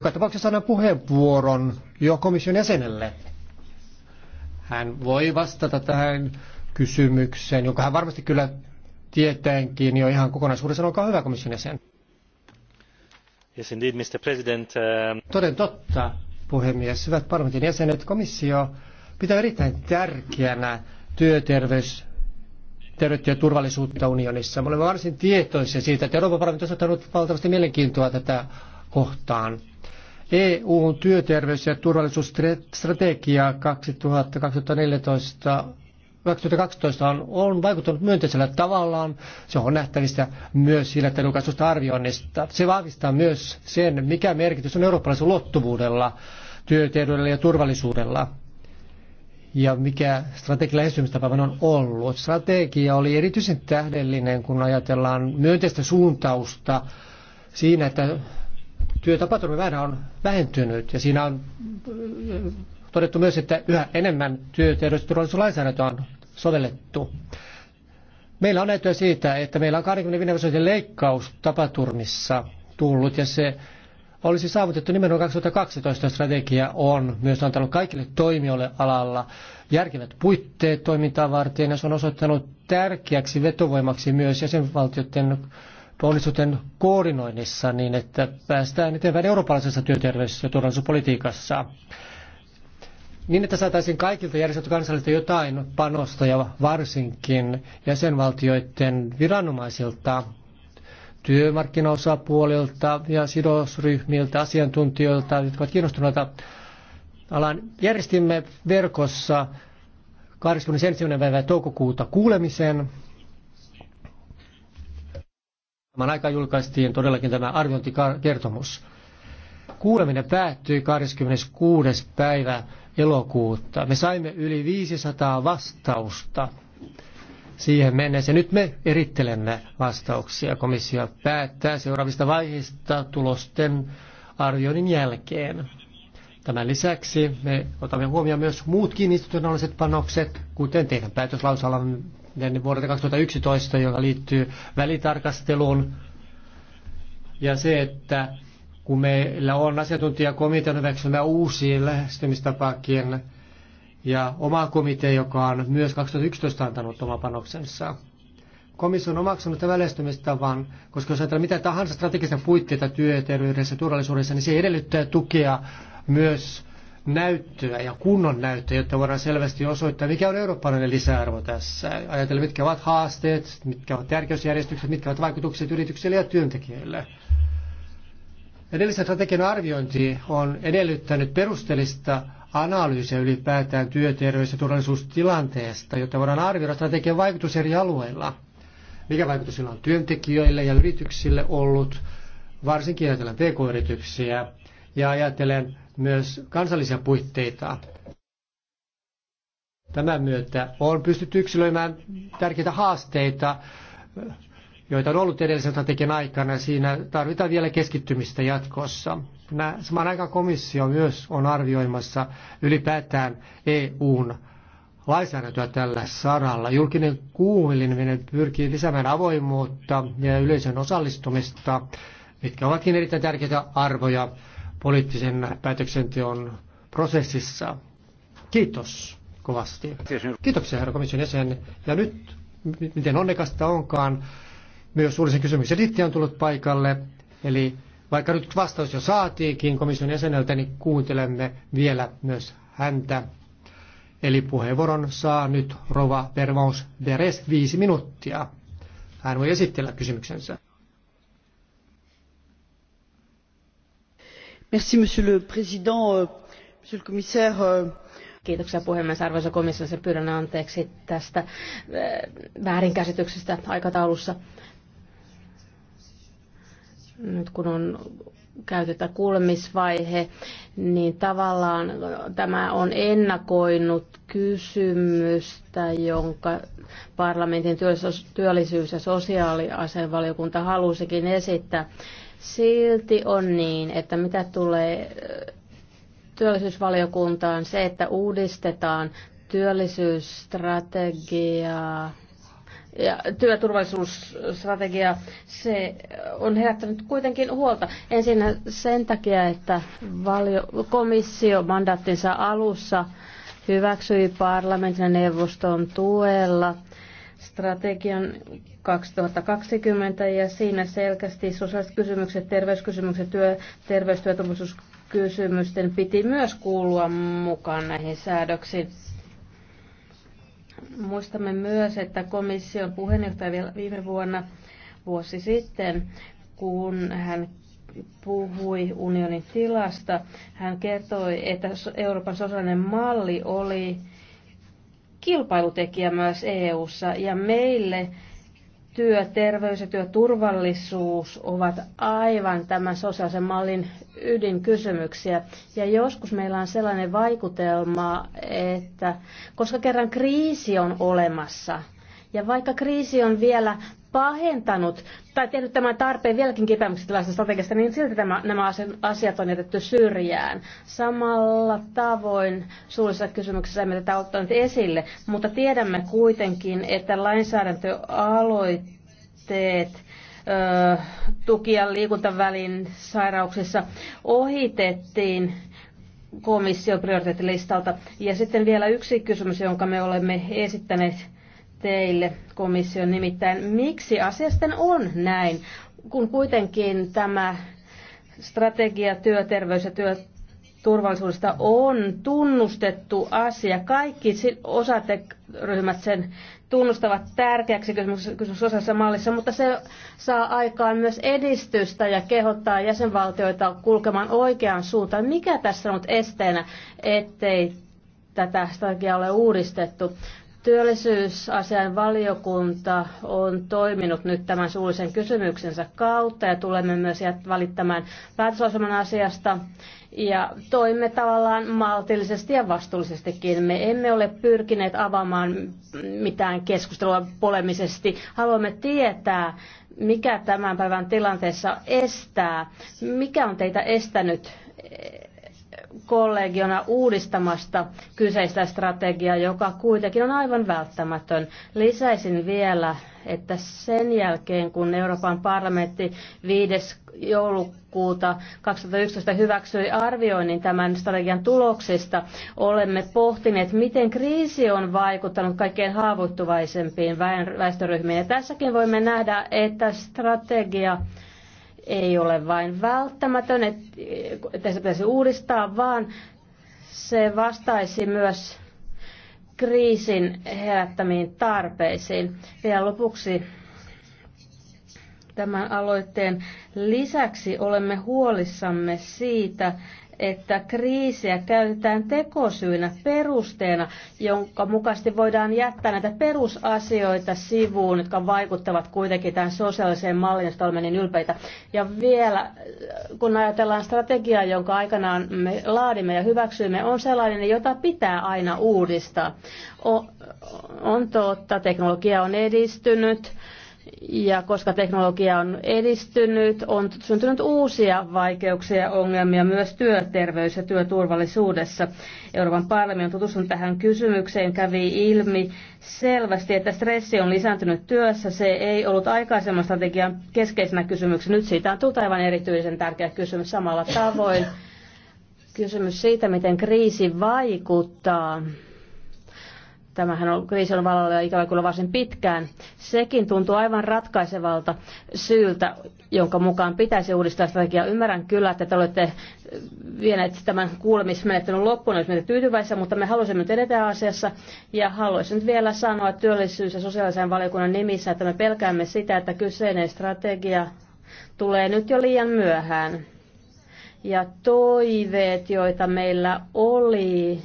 Joka tapauksessa annan puheenvuoron jo komission jäsenelle. Hän voi vastata tähän kysymykseen, jonka hän varmasti kyllä tietäänkin jo ihan kokonaisuudessaan. Olkaa hyvä komission jäsen. Yes, indeed, Mr. President. Uh... Toden totta, puhemies. Hyvät parlamentin jäsenet, komissio pitää erittäin tärkeänä työterveys terveyttä ja turvallisuutta unionissa. Me olemme varsin tietoisia siitä, että Euroopan parlamentti on ottanut valtavasti mielenkiintoa tätä kohtaan. EUn työterveys- ja turvallisuusstrategia 2014 2012 on, on vaikuttanut myönteisellä tavallaan. Se on nähtävissä myös hiljattain julkaisusta arvioinnista. Se vahvistaa myös sen, mikä merkitys on eurooppalaisella luottuvuudella, työterveydellä ja turvallisuudella ja mikä strategia lähestymistapa on ollut. Strategia oli erityisen tähdellinen, kun ajatellaan myönteistä suuntausta siinä, että työtapaturmamäärä on vähentynyt ja siinä on äh, todettu myös, että yhä enemmän työterveysturvallisuuslainsäädäntöä on sovellettu. Meillä on näyttöä siitä, että meillä on 25 prosentin leikkaus tapaturmissa tullut ja se olisi saavutettu nimenomaan 2012 strategia on myös antanut kaikille toimijoille alalla järkevät puitteet toimintaa varten ja se on osoittanut tärkeäksi vetovoimaksi myös jäsenvaltioiden teollisuuden koordinoinnissa niin, että päästään eteenpäin eurooppalaisessa työterveys- ja turvallisuuspolitiikassa. Niin, että saataisiin kaikilta järjestöiltä kansalaisilta jotain panosta ja varsinkin jäsenvaltioiden viranomaisilta, työmarkkinaosapuolilta ja sidosryhmiltä, asiantuntijoilta, jotka ovat kiinnostuneita alan. Järjestimme verkossa 21. päivä toukokuuta kuulemisen Samaan aikaan julkaistiin todellakin tämä arviointikertomus. Kuuleminen päättyi 26. päivä elokuuta. Me saimme yli 500 vastausta siihen mennessä. Nyt me erittelemme vastauksia. Komissio päättää seuraavista vaiheista tulosten arvioinnin jälkeen. Tämän lisäksi me otamme huomioon myös muutkin institutionaaliset panokset, kuten teidän päätöslausalan niin, niin vuodelta 2011, joka liittyy välitarkasteluun. Ja se, että kun meillä on asiantuntijakomitean hyväksymä uusi lähestymistapaakin ja oma komitea, joka on myös 2011 antanut oma panoksensa. Komissio on omaksunut tämän lähestymistavan, koska jos ajatellaan mitä tahansa strategista puitteita työterveydessä ja turvallisuudessa, niin se edellyttää tukea myös näyttöä ja kunnon näyttöä, jotta voidaan selvästi osoittaa, mikä on eurooppalainen lisäarvo tässä. Ajatella, mitkä ovat haasteet, mitkä ovat tärkeysjärjestykset, mitkä ovat vaikutukset yrityksille ja työntekijöille. Edellisen strategian arviointi on edellyttänyt perusteellista analyysiä ylipäätään työterveys- ja turvallisuustilanteesta, jotta voidaan arvioida strategian vaikutus eri alueilla. Mikä vaikutus sillä on työntekijöille ja yrityksille ollut, varsinkin ajatellen pk-yrityksiä ja ajatellen myös kansallisia puitteita. Tämän myötä on pystytty yksilöimään tärkeitä haasteita, joita on ollut edellisen strategian aikana. Siinä tarvitaan vielä keskittymistä jatkossa. samaan aikaan komissio myös on arvioimassa ylipäätään EUn lainsäädäntöä tällä saralla. Julkinen kuuleminen pyrkii lisäämään avoimuutta ja yleisön osallistumista, mitkä ovatkin erittäin tärkeitä arvoja poliittisen päätöksenteon prosessissa. Kiitos kovasti. Kiitoksia herra komission jäsen. Ja nyt, miten onnekasta onkaan, myös suullisen kysymyksen Ritti on tullut paikalle. Eli vaikka nyt vastaus jo saatiinkin komission jäseneltä, niin kuuntelemme vielä myös häntä. Eli puheenvuoron saa nyt Rova Vermaus Beres viisi minuuttia. Hän voi esitellä kysymyksensä. monsieur le président euh, monsieur le commissaire euh. Kiitoksia puhemies. Arvoisa komissaari, pyydän anteeksi tästä äh, väärinkäsityksestä aikataulussa. Nyt kun on tämä kuulemisvaihe, niin tavallaan tämä on ennakoinut kysymystä, jonka parlamentin työllisyys- ja sosiaaliasevaliokunta halusikin esittää. Silti on niin, että mitä tulee työllisyysvaliokuntaan, se, että uudistetaan työllisyysstrategiaa ja työturvallisuusstrategia, se on herättänyt kuitenkin huolta. Ensin sen takia, että valio, komissio mandaattinsa alussa hyväksyi parlamentin ja neuvoston tuella strategian 2020 ja siinä selkeästi sosiaaliset kysymykset, terveyskysymykset, työ, terveys, piti myös kuulua mukaan näihin säädöksiin. Muistamme myös, että komission puheenjohtaja viime vuonna vuosi sitten, kun hän puhui unionin tilasta, hän kertoi, että Euroopan sosiaalinen malli oli kilpailutekijä myös EU:ssa ja meille työterveys ja työturvallisuus ovat aivan tämän sosiaalisen mallin ydinkysymyksiä. Ja joskus meillä on sellainen vaikutelma, että koska kerran kriisi on olemassa, ja vaikka kriisi on vielä pahentanut tai tehnyt tämän tarpeen vieläkin kipeämmäksi tällaista strategiasta, niin silti tämä, nämä asiat on jätetty syrjään. Samalla tavoin suullisessa kysymyksessä emme tätä ottanut esille, mutta tiedämme kuitenkin, että lainsäädäntöaloitteet ö, tuki- ja liikuntavälin sairauksissa ohitettiin komission prioriteettilistalta. Ja sitten vielä yksi kysymys, jonka me olemme esittäneet teille komission nimittäin, miksi asia sitten on näin, kun kuitenkin tämä strategia työterveys ja työ, turvallisuudesta on tunnustettu asia. Kaikki osateryhmät sen tunnustavat tärkeäksi kysymysosassa mallissa, mutta se saa aikaan myös edistystä ja kehottaa jäsenvaltioita kulkemaan oikeaan suuntaan. Mikä tässä on esteenä, ettei tätä strategiaa ole uudistettu? Työllisyysasian valiokunta on toiminut nyt tämän suullisen kysymyksensä kautta ja tulemme myös valittamaan päätösosaman asiasta. Ja toimme tavallaan maltillisesti ja vastuullisestikin. Me emme ole pyrkineet avaamaan mitään keskustelua polemisesti. Haluamme tietää, mikä tämän päivän tilanteessa estää, mikä on teitä estänyt kollegiona uudistamasta kyseistä strategiaa, joka kuitenkin on aivan välttämätön. Lisäisin vielä, että sen jälkeen kun Euroopan parlamentti 5. joulukuuta 2011 hyväksyi arvioinnin tämän strategian tuloksista, olemme pohtineet, miten kriisi on vaikuttanut kaikkein haavoittuvaisempiin väestöryhmiin. Ja tässäkin voimme nähdä, että strategia ei ole vain välttämätön, että se pitäisi uudistaa, vaan se vastaisi myös kriisin herättämiin tarpeisiin. Vielä lopuksi tämän aloitteen lisäksi olemme huolissamme siitä, että kriisiä käytetään tekosyynä, perusteena, jonka mukaisesti voidaan jättää näitä perusasioita sivuun, jotka vaikuttavat kuitenkin tähän sosiaaliseen malliin, josta olemme niin ylpeitä. Ja vielä, kun ajatellaan strategiaa, jonka aikanaan me laadimme ja hyväksyimme, on sellainen, jota pitää aina uudistaa. On, on totta, teknologia on edistynyt ja koska teknologia on edistynyt, on syntynyt uusia vaikeuksia ja ongelmia myös työterveys- ja työturvallisuudessa. Euroopan parlamentti on tutustunut tähän kysymykseen, kävi ilmi selvästi, että stressi on lisääntynyt työssä. Se ei ollut aikaisemman strategian keskeisenä kysymyksenä. Nyt siitä on tullut aivan erityisen tärkeä kysymys samalla tavoin. Kysymys siitä, miten kriisi vaikuttaa Tämähän on, kriisi on vallalla ja ikävä kyllä varsin pitkään. Sekin tuntuu aivan ratkaisevalta syyltä, jonka mukaan pitäisi uudistaa strategiaa. Ymmärrän kyllä, että te olette äh, vieneet tämän kuulemismenettelyn loppuun, jos meitä tyytyväisiä, mutta me haluaisimme nyt edetä asiassa. Ja haluaisin nyt vielä sanoa työllisyys- ja sosiaalisen valiokunnan nimissä, että me pelkäämme sitä, että kyseinen strategia tulee nyt jo liian myöhään. Ja toiveet, joita meillä oli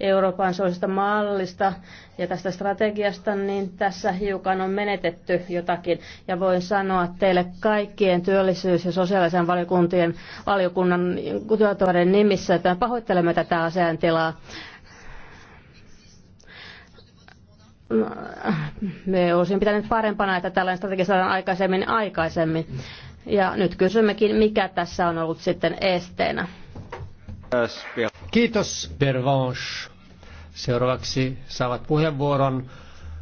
Euroopan suosista mallista ja tästä strategiasta, niin tässä hiukan on menetetty jotakin. Ja voin sanoa teille kaikkien työllisyys- ja sosiaalisen valiokuntien valiokunnan työtoiden nimissä, että pahoittelemme tätä asiantilaa. Me olisin pitänyt parempana, että tällainen strategia saadaan aikaisemmin aikaisemmin. Ja nyt kysymmekin, mikä tässä on ollut sitten esteenä. Kiitos, Bervanche. Seuraavaksi saavat puheenvuoron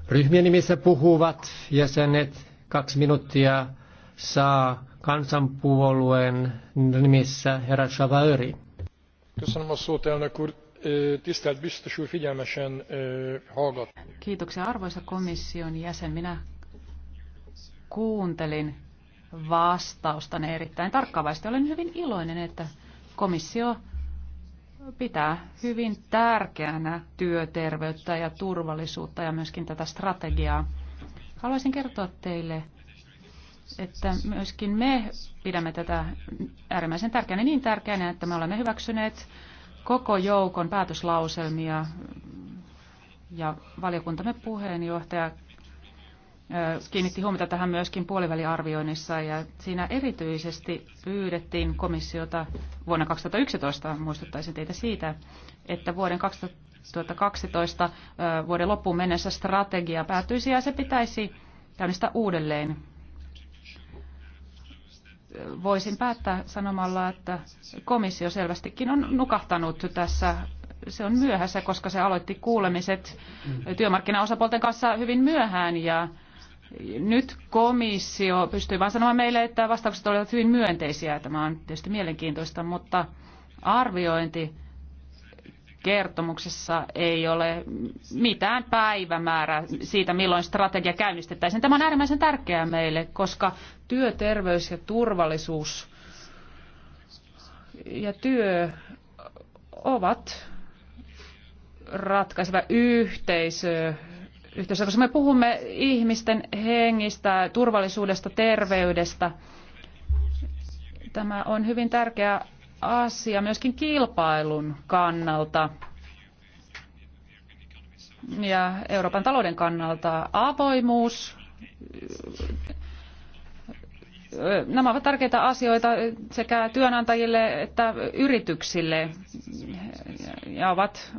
ryhmien nimissä puhuvat jäsenet. Kaksi minuuttia saa kansanpuolueen nimissä herra Savaöri. Kiitoksia arvoisa komission jäsen. Minä kuuntelin vastaustanne erittäin tarkkaavasti. Olen hyvin iloinen, että komissio pitää hyvin tärkeänä työterveyttä ja turvallisuutta ja myöskin tätä strategiaa. Haluaisin kertoa teille, että myöskin me pidämme tätä äärimmäisen tärkeänä, niin tärkeänä, että me olemme hyväksyneet koko joukon päätöslauselmia ja valiokuntamme puheenjohtaja kiinnitti huomiota tähän myöskin puoliväliarvioinnissa ja siinä erityisesti pyydettiin komissiota vuonna 2011, muistuttaisin teitä siitä, että vuoden 2012 vuoden loppuun mennessä strategia päättyisi ja se pitäisi käynnistää uudelleen. Voisin päättää sanomalla, että komissio selvästikin on nukahtanut tässä se on myöhässä, koska se aloitti kuulemiset mm. työmarkkinaosapuolten kanssa hyvin myöhään ja nyt komissio pystyy vain sanomaan meille, että vastaukset olivat hyvin myönteisiä. Tämä on tietysti mielenkiintoista, mutta arviointi kertomuksessa ei ole mitään päivämäärää siitä, milloin strategia käynnistettäisiin. Tämä on äärimmäisen tärkeää meille, koska työ, terveys ja turvallisuus ja työ ovat ratkaiseva yhteisö yhteisöä, koska me puhumme ihmisten hengistä, turvallisuudesta, terveydestä. Tämä on hyvin tärkeä asia myöskin kilpailun kannalta ja Euroopan talouden kannalta. Avoimuus Nämä ovat tärkeitä asioita sekä työnantajille että yrityksille ja ovat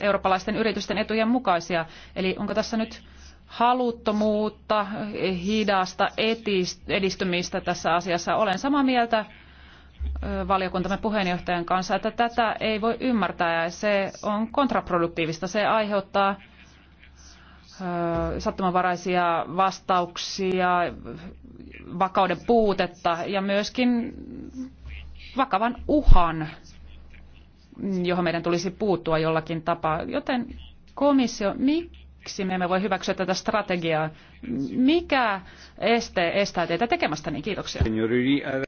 eurooppalaisten yritysten etujen mukaisia. Eli onko tässä nyt haluttomuutta, hidasta edistymistä tässä asiassa? Olen samaa mieltä valiokuntamme puheenjohtajan kanssa, että tätä ei voi ymmärtää ja se on kontraproduktiivista. Se aiheuttaa sattumanvaraisia vastauksia, vakauden puutetta ja myöskin vakavan uhan, johon meidän tulisi puuttua jollakin tapaa. Joten komissio, miksi me emme voi hyväksyä tätä strategiaa? Mikä este estää teitä tekemästä niin? Kiitoksia.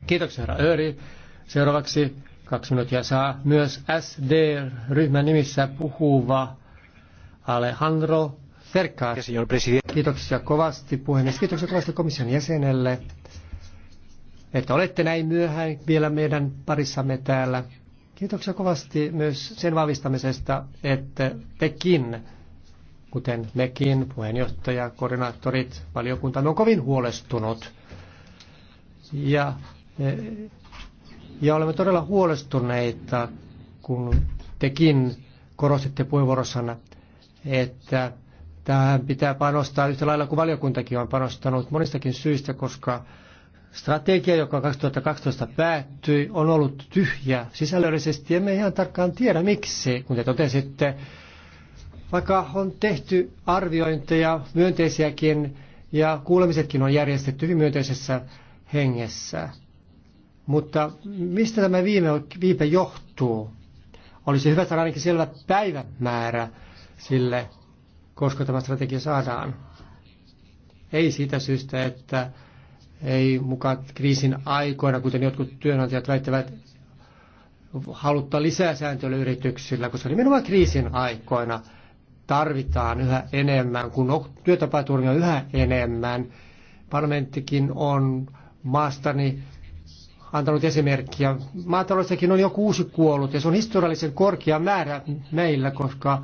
Kiitoksia, herra Öri. Seuraavaksi kaksi minuuttia saa myös SD-ryhmän nimissä puhuva Alejandro Serkkaa. Kiitoksia kovasti puhemies. Kiitoksia kovasti komission jäsenelle, että olette näin myöhään vielä meidän parissamme täällä. Kiitoksia kovasti myös sen vahvistamisesta, että tekin, kuten mekin, puheenjohtaja, koordinaattorit, valiokunta, on kovin huolestunut. Ja, ja olemme todella huolestuneita, kun tekin korostitte puheenvuorossanne, että Tähän pitää panostaa yhtä lailla kuin valiokuntakin on panostanut monistakin syistä, koska strategia, joka 2012 päättyi, on ollut tyhjä sisällöllisesti. Emme ihan tarkkaan tiedä miksi, kun te totesitte, vaikka on tehty arviointeja, myönteisiäkin, ja kuulemisetkin on järjestetty hyvin myönteisessä hengessä. Mutta mistä tämä viime, viipe johtuu? Olisi hyvä saada ainakin selvä päivämäärä sille, koska tämä strategia saadaan. Ei siitä syystä, että ei mukaan kriisin aikoina, kuten jotkut työnantajat väittävät, haluttaa lisää sääntöä yrityksillä, koska nimenomaan kriisin aikoina tarvitaan yhä enemmän, kun työtapaturmia on yhä enemmän. Parlamenttikin on maastani antanut esimerkkiä. Maataloudessakin on jo kuusi kuollut ja se on historiallisen korkea määrä meillä, koska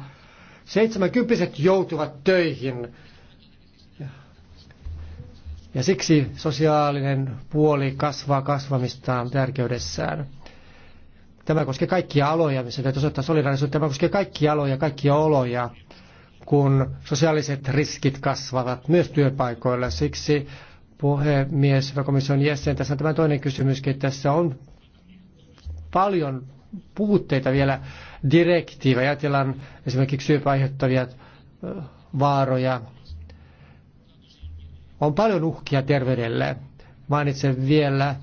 Seitsemänkymppiset joutuvat töihin. Ja siksi sosiaalinen puoli kasvaa kasvamistaan tärkeydessään. Tämä koskee kaikkia aloja, missä täytyy osoittaa solidaarisuutta. Tämä koskee kaikkia aloja, kaikkia oloja, kun sosiaaliset riskit kasvavat myös työpaikoilla. Siksi puhemies, komission jäsen, tässä on tämä toinen kysymyskin. Tässä on paljon puutteita vielä direktiivi. Ajatellaan esimerkiksi syöpäaiheuttavia vaaroja. On paljon uhkia terveydelle. Mainitsen vielä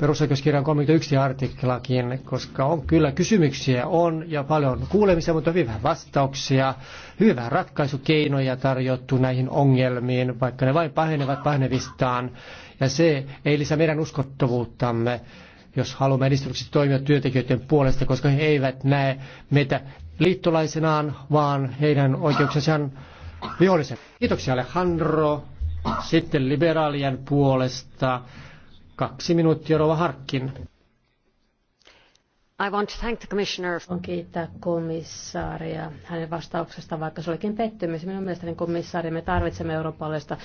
perusoikeuskirjan 31 artiklakin, koska on kyllä kysymyksiä on ja paljon kuulemisia, mutta hyvin vähän vastauksia, hyvin vähän ratkaisukeinoja tarjottu näihin ongelmiin, vaikka ne vain pahenevat pahenevistaan. Ja se ei lisää meidän uskottavuuttamme jos haluamme edistyksessä toimia työntekijöiden puolesta, koska he eivät näe meitä liittolaisenaan, vaan heidän oikeuksensa on viholliset. Kiitoksia Alejandro. Sitten liberaalien puolesta kaksi minuuttia Rova Harkkin. I want to thank the commissioner. On kiittää komissaaria hänen vastauksesta, vaikka se olikin pettymys. Minun mielestäni komissaari, me tarvitsemme eurooppalaista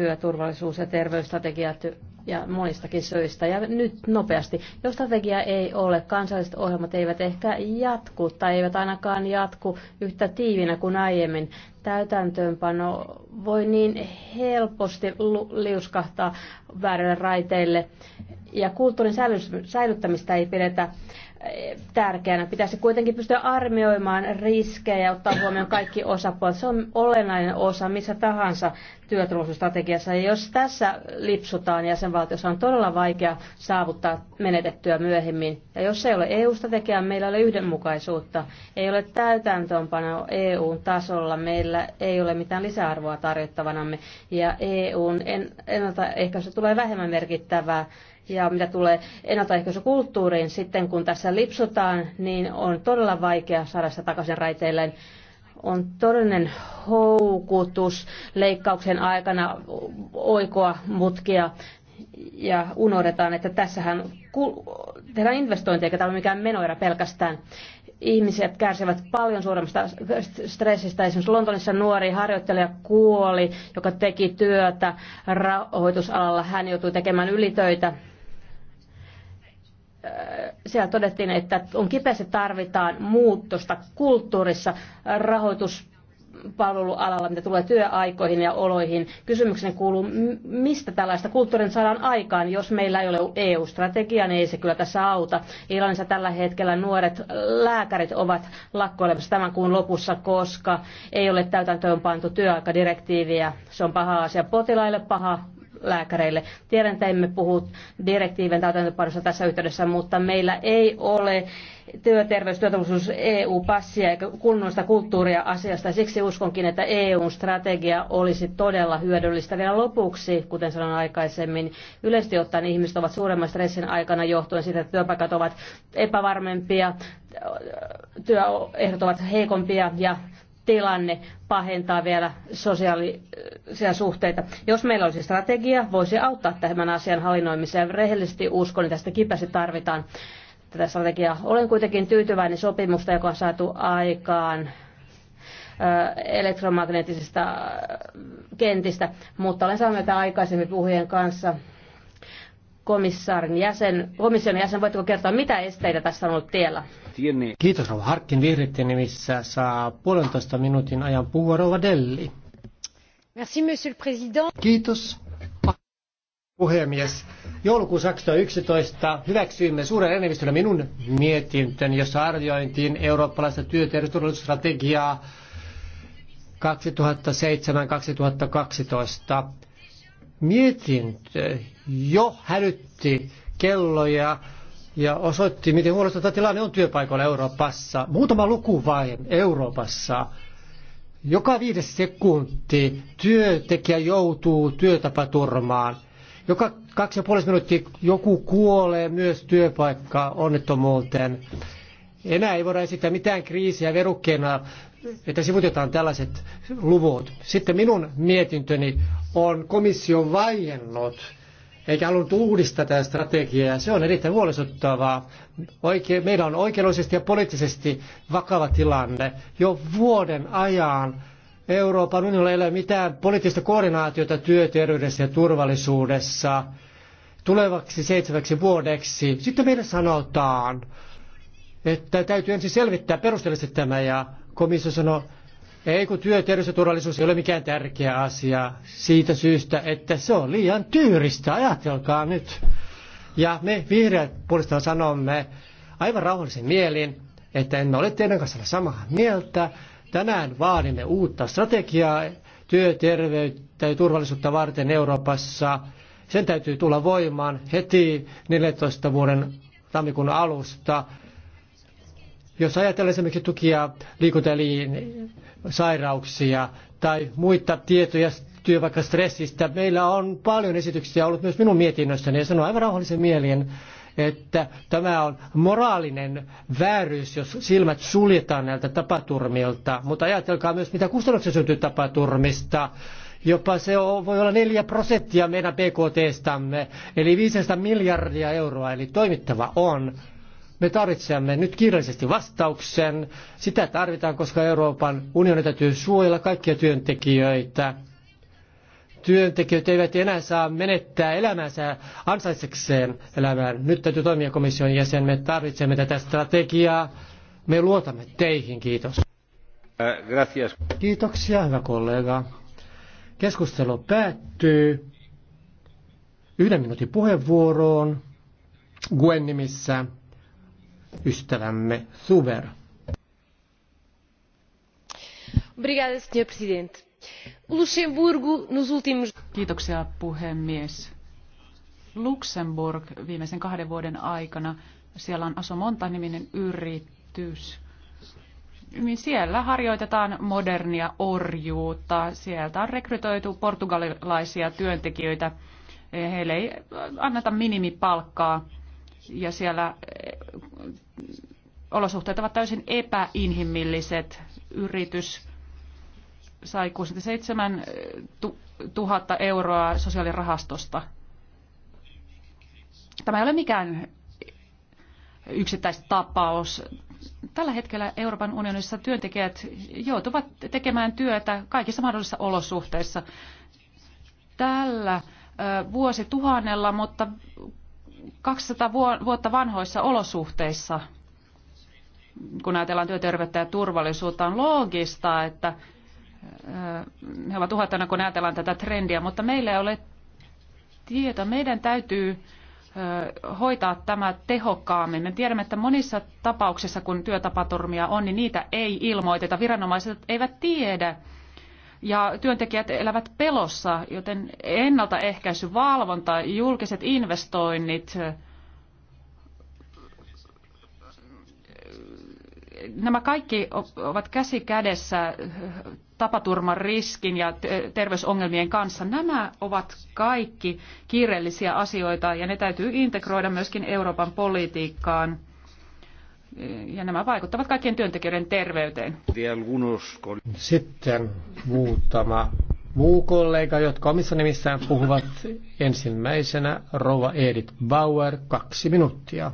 työturvallisuus- ja terveysstrategiat ja monistakin syistä. Ja nyt nopeasti, jos strategia ei ole, kansalliset ohjelmat eivät ehkä jatku tai eivät ainakaan jatku yhtä tiivinä kuin aiemmin. Täytäntöönpano voi niin helposti liuskahtaa väärille raiteille ja kulttuurin säilyttämistä ei pidetä tärkeänä. Pitäisi kuitenkin pystyä armioimaan riskejä ja ottaa huomioon kaikki osapuolet. Se on olennainen osa missä tahansa työturvallisuusstrategiassa. Ja jos tässä lipsutaan jäsenvaltiossa, on todella vaikea saavuttaa menetettyä myöhemmin. Ja jos ei ole EU-strategiaa, meillä ei ole yhdenmukaisuutta. Ei ole täytäntöönpanoa EU-tasolla. Meillä ei ole mitään lisäarvoa tarjottavanamme. Ja EUn ennaltaehkäisy tulee vähemmän merkittävää ja mitä tulee ennaltaehkäisykulttuuriin, sitten kun tässä lipsutaan, niin on todella vaikea saada sitä takaisin raiteilleen on todellinen houkutus leikkauksen aikana oikoa mutkia ja unohdetaan, että tässähän tehdään investointeja, eikä tämä ole mikään menoerä pelkästään. Ihmiset kärsivät paljon suuremmasta stressistä. Esimerkiksi Lontonissa nuori harjoittelija kuoli, joka teki työtä rahoitusalalla. Hän joutui tekemään ylitöitä siellä todettiin, että on kipeästi tarvitaan muutosta kulttuurissa, rahoitus palvelualalla, mitä tulee työaikoihin ja oloihin. Kysymykseni kuuluu, mistä tällaista kulttuurin saadaan aikaan, jos meillä ei ole EU-strategiaa, niin ei se kyllä tässä auta. Ilanissa tällä hetkellä nuoret lääkärit ovat lakkoilemassa tämän kuun lopussa, koska ei ole täytäntöön pantu työaikadirektiiviä. Se on paha asia potilaille, paha lääkäreille. Tiedän, että emme puhu direktiiven täytäntöpanosta tässä yhteydessä, mutta meillä ei ole työterveys, työturvallisuus, EU-passia eikä kunnollista kulttuuria asiasta. Siksi uskonkin, että EUn strategia olisi todella hyödyllistä. Vielä lopuksi, kuten sanoin aikaisemmin, yleisesti ottaen ihmiset ovat suuremman stressin aikana johtuen siitä, että työpaikat ovat epävarmempia, työehdot ovat heikompia ja tilanne pahentaa vielä sosiaalisia suhteita. Jos meillä olisi strategia, voisi auttaa tämän asian hallinnoimiseen. Rehellisesti uskon, että tästä kipästi tarvitaan tätä strategiaa. Olen kuitenkin tyytyväinen sopimusta, joka on saatu aikaan elektromagneettisista kentistä, mutta olen saanut tätä aikaisemmin puhujien kanssa komissaarin jäsen, komission jäsen, voitteko kertoa, mitä esteitä tässä on ollut tiellä? Kiitos Rova Harkin vihreiden nimissä. Saa puolentoista minuutin ajan puhua Rova Delli. Merci, monsieur le président. Kiitos puhemies. Joulukuussa 2011 hyväksyimme suuren enemmistöllä minun mietintön, jossa arviointiin eurooppalaista työterveysturvallisuusstrategiaa 2007-2012. Mietintö jo hälytti kelloja ja osoitti, miten huolestuttava tilanne on työpaikoilla Euroopassa. Muutama luku vain Euroopassa. Joka viides sekunti työntekijä joutuu työtapaturmaan. Joka kaksi ja puoli minuuttia joku kuolee myös työpaikka onnettomuuteen. Enää ei voida esittää mitään kriisiä verukkeena, että sivutetaan tällaiset luvut. Sitten minun mietintöni on komission vaiennut eikä halunnut uudistaa tätä strategiaa. Se on erittäin huolestuttavaa. Oike- meillä on oikeudellisesti ja poliittisesti vakava tilanne. Jo vuoden ajan Euroopan unionilla ei ole mitään poliittista koordinaatiota työterveydessä ja turvallisuudessa tulevaksi seitsemäksi vuodeksi. Sitten meille sanotaan, että täytyy ensin selvittää perusteellisesti tämä ja komissio sanoo, ei kun työterveys ja turvallisuus ei ole mikään tärkeä asia siitä syystä, että se on liian tyyristä, ajatelkaa nyt. Ja me vihreät puolestaan sanomme aivan rauhallisen mielin, että emme ole teidän kanssa samaa mieltä. Tänään vaadimme uutta strategiaa työterveyttä ja turvallisuutta varten Euroopassa. Sen täytyy tulla voimaan heti 14 vuoden tammikuun alusta. Jos ajatellaan esimerkiksi tukia liikunta- sairauksia tai muita tietoja stressistä. Meillä on paljon esityksiä ollut myös minun mietinnössäni ja sanon aivan rauhallisen mielien, että tämä on moraalinen vääryys, jos silmät suljetaan näiltä tapaturmilta. Mutta ajatelkaa myös, mitä kustannuksia syntyy tapaturmista. Jopa se voi olla 4 prosenttia meidän BKTstamme, eli 500 miljardia euroa, eli toimittava on. Me tarvitsemme nyt kiireellisesti vastauksen. Sitä tarvitaan, koska Euroopan unioni täytyy suojella kaikkia työntekijöitä. Työntekijät eivät enää saa menettää elämänsä ansaitsekseen elämään. Nyt täytyy toimia komission jäsen. Me tarvitsemme tätä strategiaa. Me luotamme teihin. Kiitos. Gracias. Kiitoksia, hyvä kollega. Keskustelu päättyy yhden minuutin puheenvuoroon Gwen nimissä ystävämme Zuber. Obrigada, presidente. Luxemburgo nos últimos... Kiitoksia puhemies. Luxemburg viimeisen kahden vuoden aikana, siellä on Aso Monta-niminen yritys, niin siellä harjoitetaan modernia orjuutta. Sieltä on rekrytoitu portugalilaisia työntekijöitä. Heille ei anneta minimipalkkaa ja siellä olosuhteet ovat täysin epäinhimilliset. Yritys sai 67 000 euroa sosiaalirahastosta. Tämä ei ole mikään yksittäistapaus. Tällä hetkellä Euroopan unionissa työntekijät joutuvat tekemään työtä kaikissa mahdollisissa olosuhteissa. Tällä vuosituhannella, mutta 200 vuotta vanhoissa olosuhteissa, kun ajatellaan työterveyttä ja turvallisuutta, on loogista, että he ovat uhattuna, kun ajatellaan tätä trendiä, mutta meillä ei ole tietoa. Meidän täytyy hoitaa tämä tehokkaammin. Me tiedämme, että monissa tapauksissa, kun työtapaturmia on, niin niitä ei ilmoiteta. Viranomaiset eivät tiedä, ja työntekijät elävät pelossa, joten ennaltaehkäisy, valvonta, julkiset investoinnit, nämä kaikki ovat käsi kädessä tapaturman riskin ja terveysongelmien kanssa. Nämä ovat kaikki kiireellisiä asioita ja ne täytyy integroida myöskin Euroopan politiikkaan ja nämä vaikuttavat kaikkien työntekijöiden terveyteen. Sitten muutama muu kollega, jotka omissa nimissään puhuvat ensimmäisenä Rova Edith Bauer, kaksi minuuttia.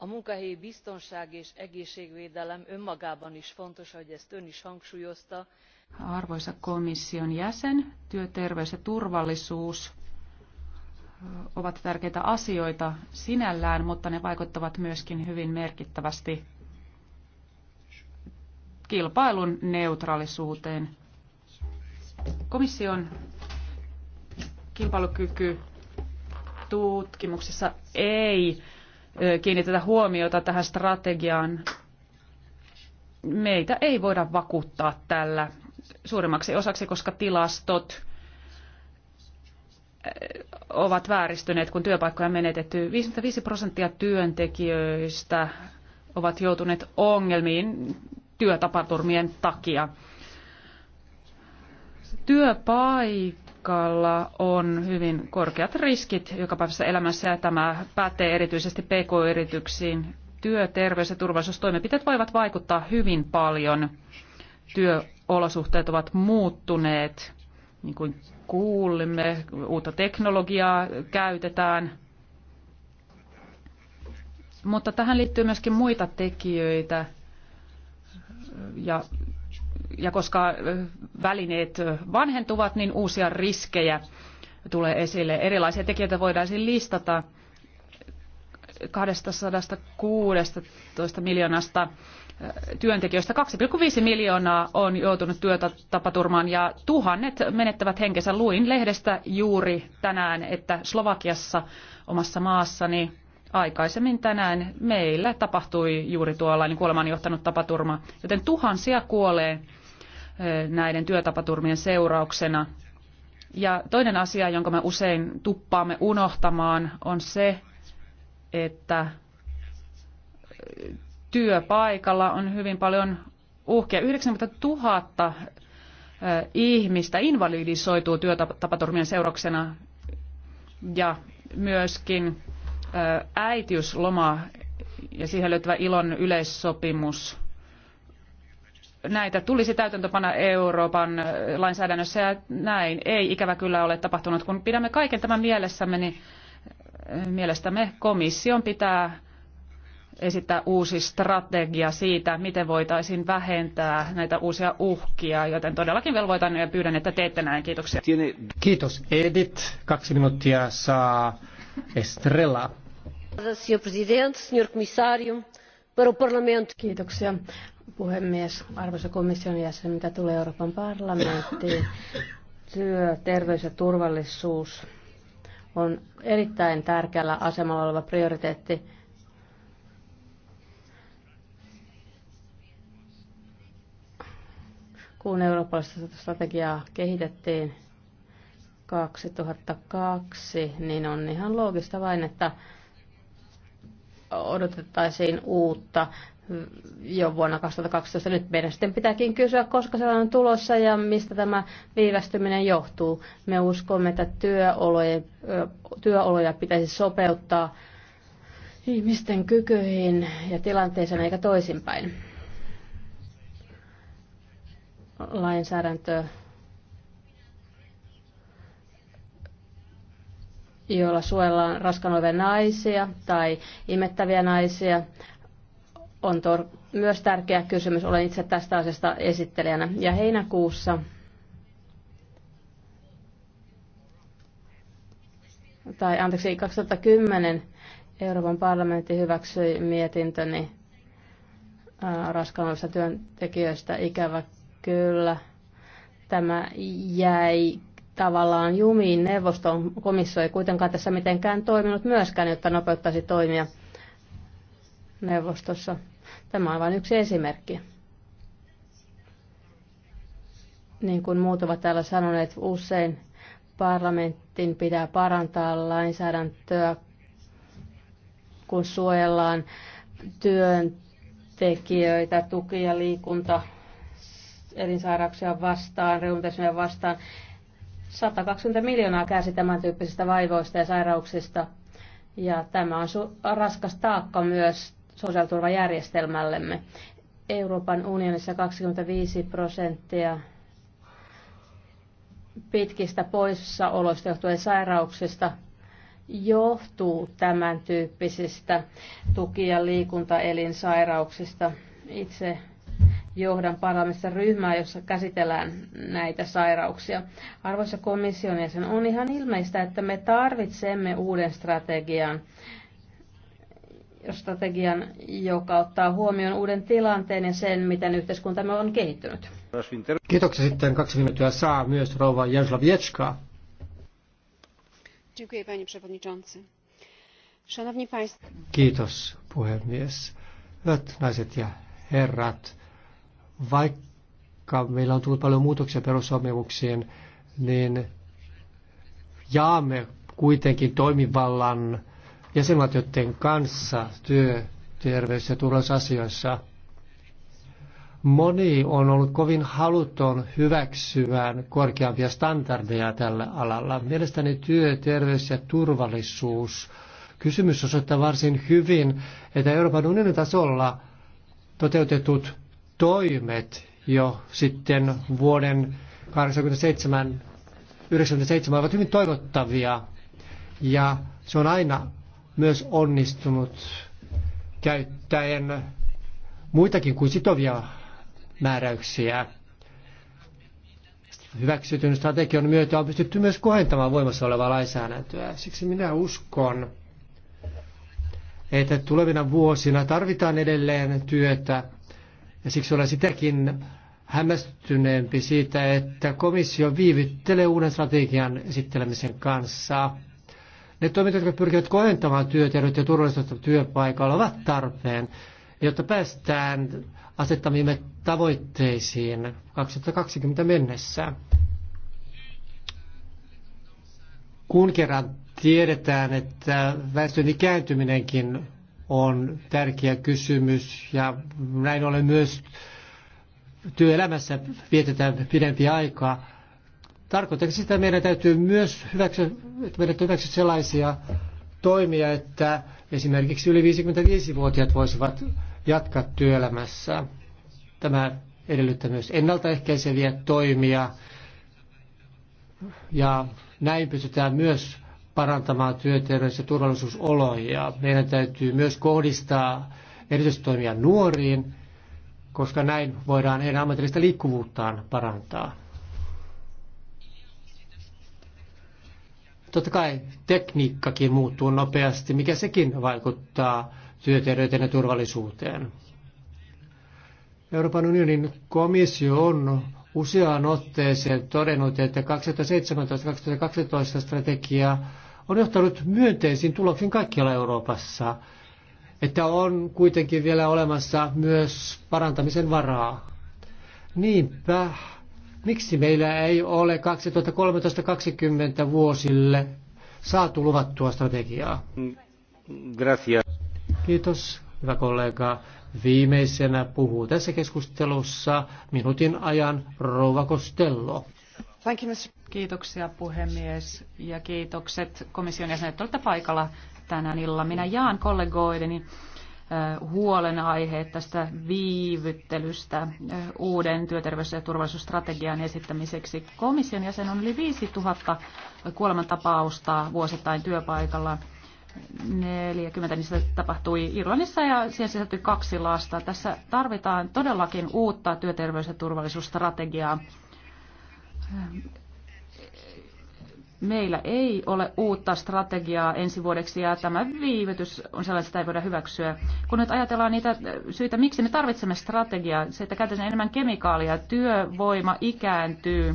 A munkahelyi biztonság és egészségvédelem önmagában is fontos, hogy ezt ön is hangsúlyozta. Arvoisa komission jäsen, työterveys ja turvallisuus ovat tärkeitä asioita sinällään, mutta ne vaikuttavat myöskin hyvin merkittävästi kilpailun neutraalisuuteen. Komission kilpailukyky tutkimuksessa ei kiinnitetä huomiota tähän strategiaan. Meitä ei voida vakuuttaa tällä suurimmaksi osaksi, koska tilastot ovat vääristyneet, kun työpaikkoja on menetetty. 55 prosenttia työntekijöistä ovat joutuneet ongelmiin työtapaturmien takia. Työpaikalla on hyvin korkeat riskit jokapäiväisessä elämässä ja tämä pätee erityisesti pk-yrityksiin. Työterveys- ja turvallisuustoimenpiteet voivat vaikuttaa hyvin paljon. Työolosuhteet ovat muuttuneet niin kuin kuulimme, uutta teknologiaa käytetään. Mutta tähän liittyy myöskin muita tekijöitä. Ja, ja koska välineet vanhentuvat, niin uusia riskejä tulee esille. Erilaisia tekijöitä voidaan siis listata 216 miljoonasta työntekijöistä 2,5 miljoonaa on joutunut työtapaturmaan ja tuhannet menettävät henkensä. Luin lehdestä juuri tänään, että Slovakiassa omassa maassani aikaisemmin tänään meillä tapahtui juuri tuollainen kuolemaan johtanut tapaturma, joten tuhansia kuolee eh, näiden työtapaturmien seurauksena. Ja toinen asia, jonka me usein tuppaamme unohtamaan, on se, että eh, työpaikalla on hyvin paljon uhkia. 90 000 ihmistä invalidisoituu työtapaturmien seurauksena ja myöskin äitiysloma ja siihen löytyvä ilon yleissopimus. Näitä tulisi täytäntöpana Euroopan lainsäädännössä ja näin ei ikävä kyllä ole tapahtunut. Kun pidämme kaiken tämän mielessämme, niin mielestämme komission pitää esittää uusi strategia siitä, miten voitaisiin vähentää näitä uusia uhkia, joten todellakin velvoitan ja pyydän, että teette näin. Kiitoksia. Kiitos Edit. Kaksi minuuttia saa Estrella. Kiitoksia puhemies, arvoisa komission jäsen, mitä tulee Euroopan parlamenttiin. Työ, terveys ja turvallisuus on erittäin tärkeällä asemalla oleva prioriteetti Kun eurooppalaista strategiaa kehitettiin 2002, niin on ihan loogista vain, että odotettaisiin uutta jo vuonna 2012. Nyt meidän sitten pitääkin kysyä, koska se on tulossa ja mistä tämä viivästyminen johtuu. Me uskomme, että työoloja, työoloja pitäisi sopeuttaa ihmisten kykyihin ja tilanteeseen eikä toisinpäin lainsäädäntöä, joilla suojellaan raskaanoivia naisia tai imettäviä naisia, on tor- myös tärkeä kysymys. Olen itse tästä asiasta esittelijänä. Ja heinäkuussa tai anteeksi, 2010 Euroopan parlamentti hyväksyi mietintöni raskaanoista työntekijöistä. Ikävä Kyllä, tämä jäi tavallaan jumiin. Neuvoston komissio ei kuitenkaan tässä mitenkään toiminut myöskään, jotta nopeuttaisi toimia neuvostossa. Tämä on vain yksi esimerkki. Niin kuin muut ovat täällä sanoneet, usein parlamentin pitää parantaa lainsäädäntöä, kun suojellaan työntekijöitä, tuki- ja liikunta elinsairauksia vastaan, reumatismia vastaan. 120 miljoonaa kärsi tämän tyyppisistä vaivoista ja sairauksista. Ja tämä on raskas taakka myös sosiaaliturvajärjestelmällemme. Euroopan unionissa 25 prosenttia pitkistä poissaoloista johtuen sairauksista johtuu tämän tyyppisistä tuki- ja liikuntaelinsairauksista. Itse johdan parlamentissa ryhmää, jossa käsitellään näitä sairauksia. Arvoisa komission jäsen, on ihan ilmeistä, että me tarvitsemme uuden strategian, strategian, joka ottaa huomioon uuden tilanteen ja sen, miten yhteiskuntamme on kehittynyt. Kiitoksia sitten. Kaksi minuuttia saa myös rouva Jaroslaviecka. Dziękuję, Kiitos, puhemies. Hyvät naiset ja herrat vaikka meillä on tullut paljon muutoksia perussopimuksiin, niin jaamme kuitenkin toimivallan jäsenvaltioiden kanssa työ, terveys- ja turvallisuusasioissa. Moni on ollut kovin haluton hyväksyvän korkeampia standardeja tällä alalla. Mielestäni työ, terveys ja turvallisuus kysymys osoittaa varsin hyvin, että Euroopan unionin tasolla toteutetut toimet jo sitten vuoden 87, ovat hyvin toivottavia ja se on aina myös onnistunut käyttäen muitakin kuin sitovia määräyksiä. Hyväksytyn strategian myötä on pystytty myös kohentamaan voimassa olevaa lainsäädäntöä. Siksi minä uskon, että tulevina vuosina tarvitaan edelleen työtä ja siksi olen sitäkin hämmästyneempi siitä, että komissio viivyttelee uuden strategian esittelemisen kanssa. Ne toimet, jotka pyrkivät kohentamaan työterveyttä ja turvallisuutta työpaikalla, ovat tarpeen, jotta päästään asettamiimme tavoitteisiin 2020 mennessä. Kun kerran tiedetään, että väestön ikääntyminenkin on tärkeä kysymys ja näin ollen myös työelämässä vietetään pidempi aikaa. Tarkoitan sitä, meidän täytyy myös hyväksyä, että meidän hyväksyä sellaisia toimia, että esimerkiksi yli 55-vuotiaat voisivat jatkaa työelämässä. Tämä edellyttää myös ennaltaehkäiseviä toimia ja näin pystytään myös parantamaan työterveys- ja turvallisuusoloja. Meidän täytyy myös kohdistaa erityistoimia nuoriin, koska näin voidaan heidän ammatillista liikkuvuuttaan parantaa. Totta kai tekniikkakin muuttuu nopeasti, mikä sekin vaikuttaa työterveyteen ja turvallisuuteen. Euroopan unionin komissio on useaan otteeseen todennut, että 2017-2012 strategia on johtanut myönteisiin tuloksiin kaikkialla Euroopassa, että on kuitenkin vielä olemassa myös parantamisen varaa. Niinpä, miksi meillä ei ole 2013-2020 vuosille saatu luvattua strategiaa? Gracias. Kiitos, hyvä kollega. Viimeisenä puhuu tässä keskustelussa minuutin ajan Rova Costello. Kiitoksia puhemies ja kiitokset komission jäsenet olette paikalla tänään illalla. Minä jaan kollegoideni äh, huolenaiheet tästä viivyttelystä äh, uuden työterveys- ja turvallisuusstrategian esittämiseksi. Komission jäsen on yli 5000 kuolemantapausta vuosittain työpaikalla. 40 niistä tapahtui Irlannissa ja siihen sisältyi kaksi lasta. Tässä tarvitaan todellakin uutta työterveys- ja turvallisuusstrategiaa meillä ei ole uutta strategiaa ensi vuodeksi ja tämä viivytys on sellaista sitä ei voida hyväksyä. Kun nyt ajatellaan niitä syitä, miksi me tarvitsemme strategiaa, se, että käytetään enemmän kemikaalia, työvoima ikääntyy,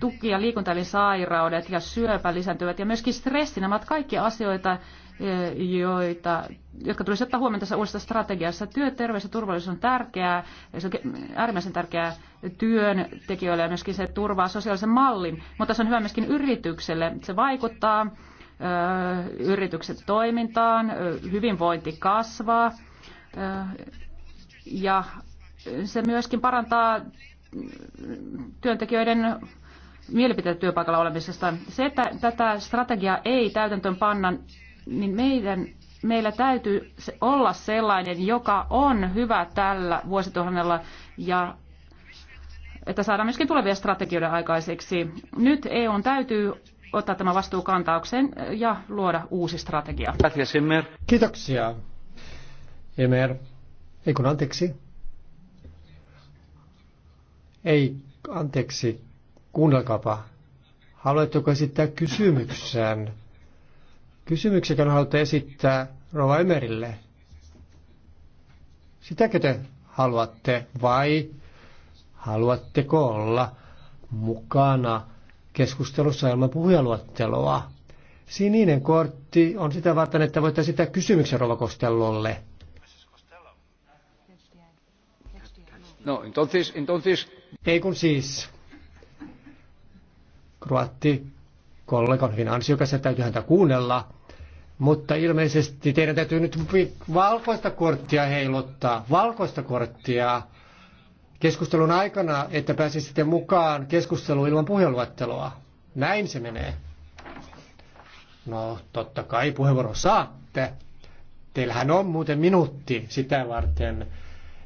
tuki- ja liikuntaelinsairaudet ja syöpä lisääntyvät ja myöskin stressi. Nämä ovat kaikki asioita, joita, jotka tulisi ottaa huomioon tässä uudessa strategiassa. Työ, terveys ja turvallisuus on tärkeää, se on äärimmäisen tärkeää työntekijöille ja myöskin se turvaa sosiaalisen mallin, mutta se on hyvä myöskin yritykselle. Se vaikuttaa yritykset toimintaan, hyvinvointi kasvaa ja se myöskin parantaa työntekijöiden mielipiteet työpaikalla olemisesta. Se, että tätä strategiaa ei täytäntöön panna, niin meidän, meillä täytyy olla sellainen, joka on hyvä tällä vuosituhannella ja että saadaan myöskin tulevia strategioita aikaiseksi. Nyt EU täytyy ottaa tämä vastuu kantaukseen ja luoda uusi strategia. Kiitoksia, Emer. Ei kun anteeksi. Ei, anteeksi, kuunnelkaapa. Haluatteko esittää kysymyksen? Kysymyksen haluatte esittää Rova Emerille. Sitäkö te haluatte vai haluatteko olla mukana keskustelussa ilman puhujaluetteloa? Sininen kortti on sitä varten, että voitte esittää kysymyksen Rova Kostellolle. No, entonces, entonces ei kun siis. Kroatti kollega on hyvin ansiokas ja täytyy häntä kuunnella. Mutta ilmeisesti teidän täytyy nyt valkoista korttia heiluttaa. Valkoista korttia keskustelun aikana, että pääsisitte mukaan keskusteluun ilman puheluettelua. Näin se menee. No, totta kai puheenvuoro saatte. Teillähän on muuten minuutti sitä varten.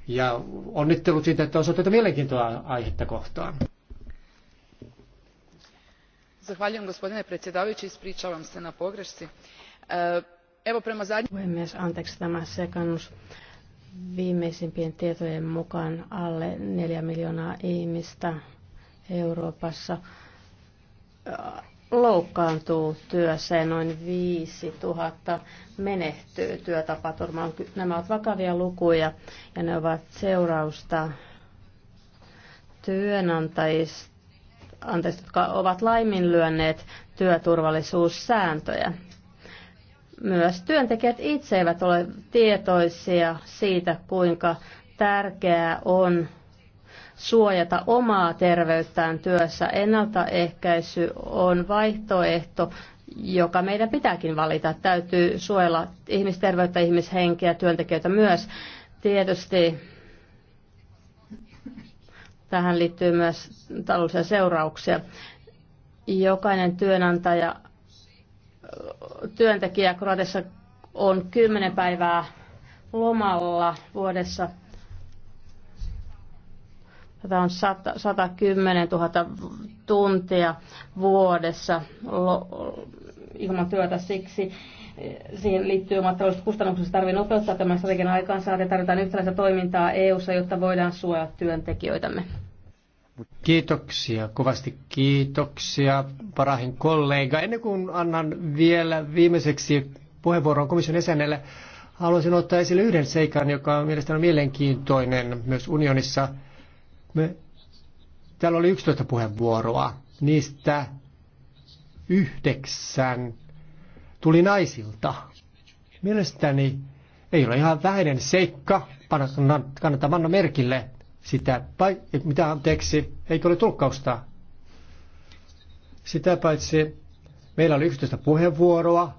Ja onnittelut siitä, että osoitatte mielenkiintoa aihetta kohtaan. Zahvaljujem gospodine predsjedavajući, ispričavam se na pogrešci. E, evo prema zadnjim... Puhemies, anteeksi tämä sekannus. Viimeisimpien tietojen mukaan alle 4 miljoonaa ihmistä Euroopassa loukkaantuu työssä ja noin 5000 menehtyy työtapaturmaan. Nämä ovat vakavia lukuja ja ne ovat seurausta työnantajista, anteeksi, jotka ovat laiminlyönneet työturvallisuussääntöjä. Myös työntekijät itse eivät ole tietoisia siitä, kuinka tärkeää on suojata omaa terveyttään työssä. Ennaltaehkäisy on vaihtoehto, joka meidän pitääkin valita. Täytyy suojella ihmisterveyttä, ihmishenkeä, työntekijöitä myös. Tietysti tähän liittyy myös taloudellisia seurauksia. Jokainen työnantaja, työntekijä Kroatissa on kymmenen päivää lomalla vuodessa Tätä on 100, 110 000 tuntia vuodessa ilman työtä siksi. Eh, siihen liittyy omat taloudelliset kustannukset. Tarvii nopeuttaa tämän strategian aikaansaanti ja tarvitaan yhtäläistä toimintaa EU-ssa, jotta voidaan suojaa työntekijöitämme. Kiitoksia, kovasti kiitoksia, parahin kollega. Ennen kuin annan vielä viimeiseksi puheenvuoron komission jäsenelle, haluaisin ottaa esille yhden seikan, joka on mielestäni mielenkiintoinen myös unionissa – me, täällä oli 11 puheenvuoroa, niistä yhdeksän tuli naisilta. Mielestäni ei ole ihan vähäinen seikka, kannattaa panna merkille sitä, vai eh, mitä anteeksi, eikö ole tulkkausta? Sitä paitsi meillä oli 11 puheenvuoroa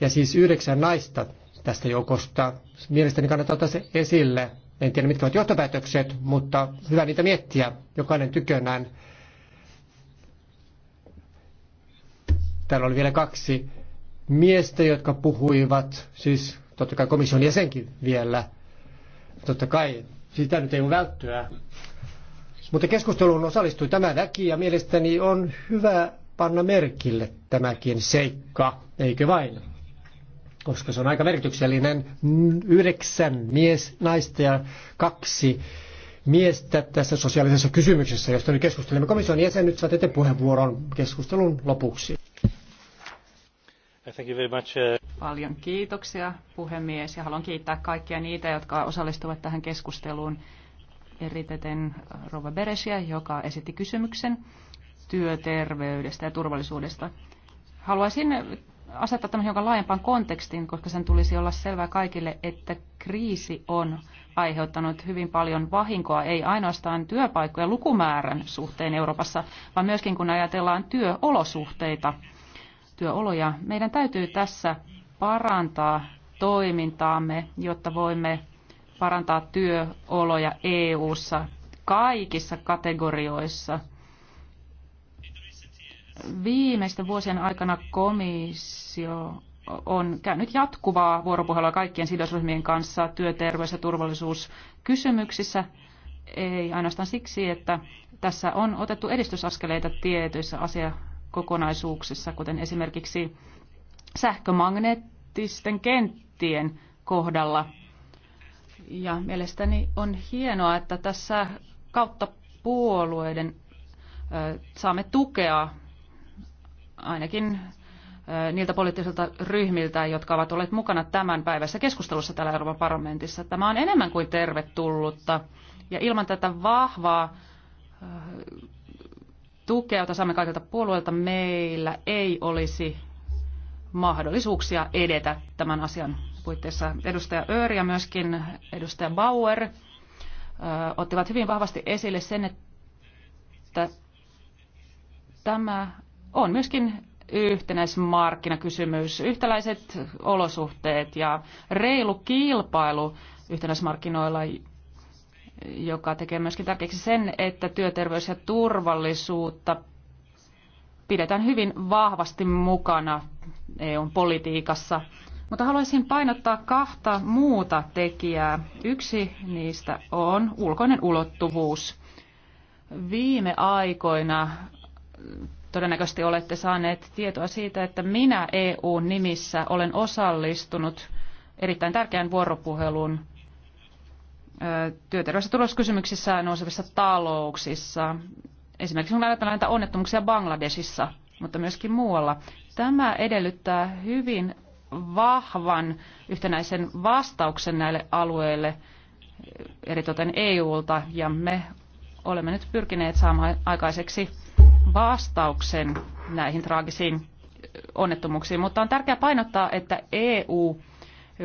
ja siis yhdeksän naista tästä joukosta. Mielestäni kannattaa ottaa se esille. En tiedä, mitkä ovat johtopäätökset, mutta hyvä niitä miettiä jokainen tykönään. Täällä oli vielä kaksi miestä, jotka puhuivat, siis totta kai komission jäsenkin vielä. Totta kai, sitä nyt ei ole välttyä. Mutta keskusteluun osallistui tämä väki ja mielestäni on hyvä panna merkille tämäkin seikka, eikö vain? koska se on aika merkityksellinen. Yhdeksän mies, naista ja kaksi miestä tässä sosiaalisessa kysymyksessä, josta nyt keskustelemme. Komission jäsen, nyt eteen puheenvuoron keskustelun lopuksi. Thank you very much. Uh, Paljon kiitoksia puhemies ja haluan kiittää kaikkia niitä, jotka osallistuvat tähän keskusteluun. Eriteten uh, Rova Beresia, joka esitti kysymyksen työterveydestä ja turvallisuudesta. Haluaisin asettaa tämmöisen jonkun laajempaan kontekstin, koska sen tulisi olla selvää kaikille, että kriisi on aiheuttanut hyvin paljon vahinkoa, ei ainoastaan työpaikkoja lukumäärän suhteen Euroopassa, vaan myöskin kun ajatellaan työolosuhteita, työoloja. Meidän täytyy tässä parantaa toimintaamme, jotta voimme parantaa työoloja EU:ssa kaikissa kategorioissa – Viimeisten vuosien aikana komissio on käynyt jatkuvaa vuoropuhelua kaikkien sidosryhmien kanssa työterveys- ja turvallisuuskysymyksissä. Ei ainoastaan siksi, että tässä on otettu edistysaskeleita tietyissä asiakokonaisuuksissa, kuten esimerkiksi sähkömagneettisten kenttien kohdalla. Ja mielestäni on hienoa, että tässä kautta puolueiden saamme tukea ainakin niiltä poliittisilta ryhmiltä, jotka ovat olleet mukana tämän päivässä keskustelussa täällä Euroopan parlamentissa. Tämä on enemmän kuin tervetullutta. Ja ilman tätä vahvaa tukea, jota saamme kaikilta puolueilta, meillä ei olisi mahdollisuuksia edetä tämän asian puitteissa. Edustaja Öör ja myöskin edustaja Bauer ottivat hyvin vahvasti esille sen, että tämä on myöskin yhtenäismarkkinakysymys, yhtäläiset olosuhteet ja reilu kilpailu yhtenäismarkkinoilla, joka tekee myöskin tärkeäksi sen, että työterveys ja turvallisuutta pidetään hyvin vahvasti mukana eu politiikassa. Mutta haluaisin painottaa kahta muuta tekijää. Yksi niistä on ulkoinen ulottuvuus. Viime aikoina todennäköisesti olette saaneet tietoa siitä, että minä EUn nimissä olen osallistunut erittäin tärkeän vuoropuhelun työterveys- ja turvallisuuskysymyksissä nousevissa talouksissa. Esimerkiksi on ajatellaan näitä onnettomuuksia Bangladesissa, mutta myöskin muualla. Tämä edellyttää hyvin vahvan yhtenäisen vastauksen näille alueille, eritoten EUlta, ja me olemme nyt pyrkineet saamaan aikaiseksi vastauksen näihin traagisiin onnettomuuksiin, mutta on tärkeää painottaa, että EU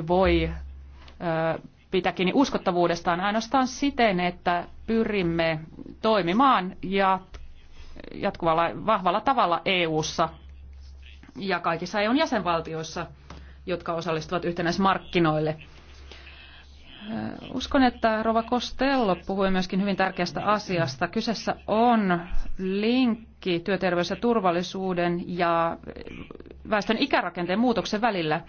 voi pitää kiinni uskottavuudestaan ainoastaan siten, että pyrimme toimimaan ja jatkuvalla vahvalla tavalla EU:ssa ja kaikissa EUn jäsenvaltioissa, jotka osallistuvat yhtenäismarkkinoille. Uskon, että Rova Costello puhui myöskin hyvin tärkeästä asiasta. Kyseessä on linkki työterveys- ja turvallisuuden ja väestön ikärakenteen muutoksen välillä.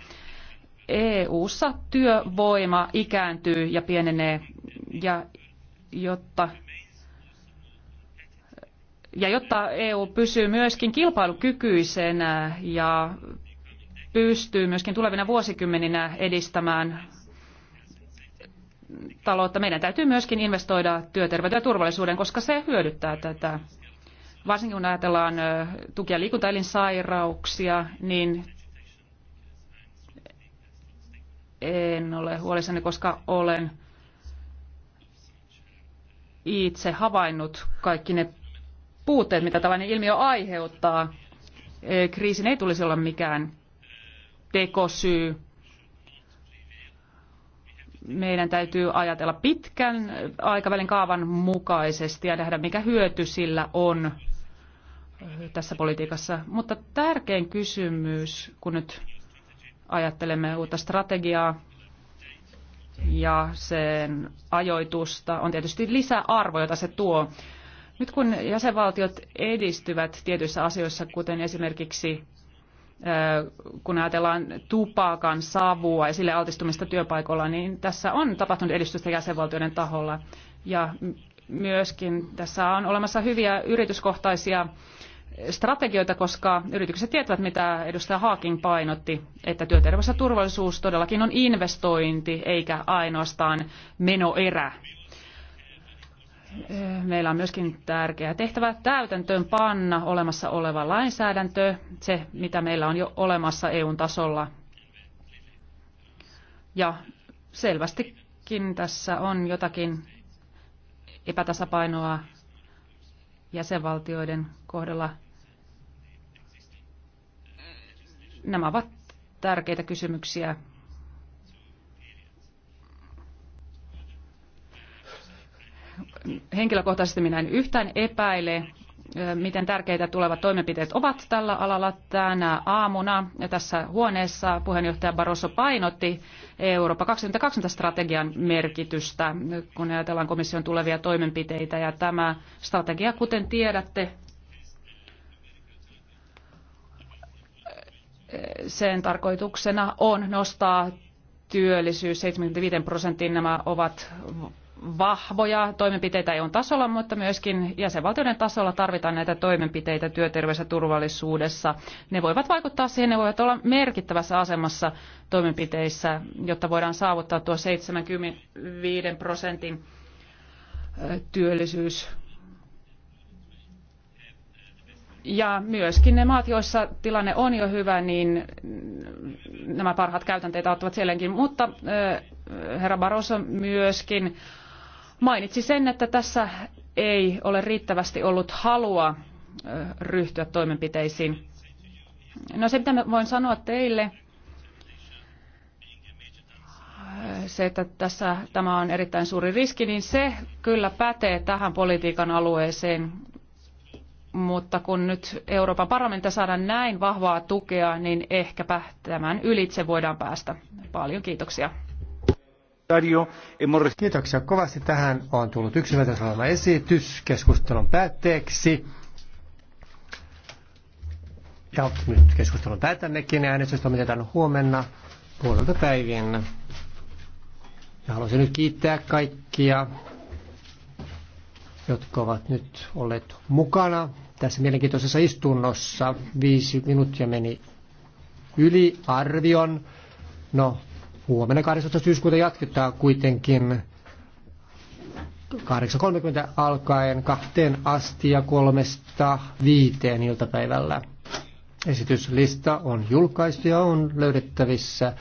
EU-ssa työvoima ikääntyy ja pienenee, ja jotta, ja jotta EU pysyy myöskin kilpailukykyisenä ja pystyy myöskin tulevina vuosikymmeninä edistämään taloutta, meidän täytyy myöskin investoida työterveyden ja turvallisuuden, koska se hyödyttää tätä. Varsinkin kun ajatellaan tuki- ja liikuntaelinsairauksia, niin en ole huolissani, koska olen itse havainnut kaikki ne puutteet, mitä tällainen ilmiö aiheuttaa. Kriisin ei tulisi olla mikään tekosyy meidän täytyy ajatella pitkän aikavälin kaavan mukaisesti ja nähdä, mikä hyöty sillä on tässä politiikassa. Mutta tärkein kysymys, kun nyt ajattelemme uutta strategiaa ja sen ajoitusta, on tietysti lisäarvo, jota se tuo. Nyt kun jäsenvaltiot edistyvät tietyissä asioissa, kuten esimerkiksi kun ajatellaan tupakan savua ja sille altistumista työpaikoilla, niin tässä on tapahtunut edistystä jäsenvaltioiden taholla. Ja myöskin tässä on olemassa hyviä yrityskohtaisia strategioita, koska yritykset tietävät, mitä edustaja Haakin painotti, että työterveys ja turvallisuus todellakin on investointi eikä ainoastaan menoerä. Meillä on myöskin tärkeä tehtävä täytäntöön panna olemassa oleva lainsäädäntö, se mitä meillä on jo olemassa eu tasolla. Ja selvästikin tässä on jotakin epätasapainoa jäsenvaltioiden kohdalla. Nämä ovat tärkeitä kysymyksiä henkilökohtaisesti minä en yhtään epäile, miten tärkeitä tulevat toimenpiteet ovat tällä alalla tänä aamuna. Ja tässä huoneessa puheenjohtaja Barroso painotti Eurooppa 2020-strategian merkitystä, kun ajatellaan komission tulevia toimenpiteitä. Ja tämä strategia, kuten tiedätte, sen tarkoituksena on nostaa työllisyys 75 prosenttiin. Nämä ovat vahvoja toimenpiteitä EUn tasolla, mutta myöskin jäsenvaltioiden tasolla tarvitaan näitä toimenpiteitä työterveys- ja turvallisuudessa. Ne voivat vaikuttaa siihen, ne voivat olla merkittävässä asemassa toimenpiteissä, jotta voidaan saavuttaa tuo 75 prosentin työllisyys. Ja myöskin ne maat, joissa tilanne on jo hyvä, niin mm, nämä parhaat käytänteet auttavat sielläkin. Mutta herra Barroso myöskin mainitsi sen, että tässä ei ole riittävästi ollut halua ryhtyä toimenpiteisiin. No se, mitä voin sanoa teille, se, että tässä tämä on erittäin suuri riski, niin se kyllä pätee tähän politiikan alueeseen. Mutta kun nyt Euroopan parlamentti saadaan näin vahvaa tukea, niin ehkäpä tämän ylitse voidaan päästä. Paljon kiitoksia. Kiitoksia kovasti. Tähän on tullut yksilötasolla esitys keskustelun päätteeksi. Ja nyt keskustelun päätännekin äänestys toimitetaan huomenna puolelta päivien. Ja haluaisin nyt kiittää kaikkia, jotka ovat nyt olleet mukana tässä mielenkiintoisessa istunnossa. Viisi minuuttia meni yli arvion. No, Huomenna 18. syyskuuta jatketaan kuitenkin 8.30 alkaen kahteen asti ja kolmesta viiteen iltapäivällä. Esityslista on julkaistu ja on löydettävissä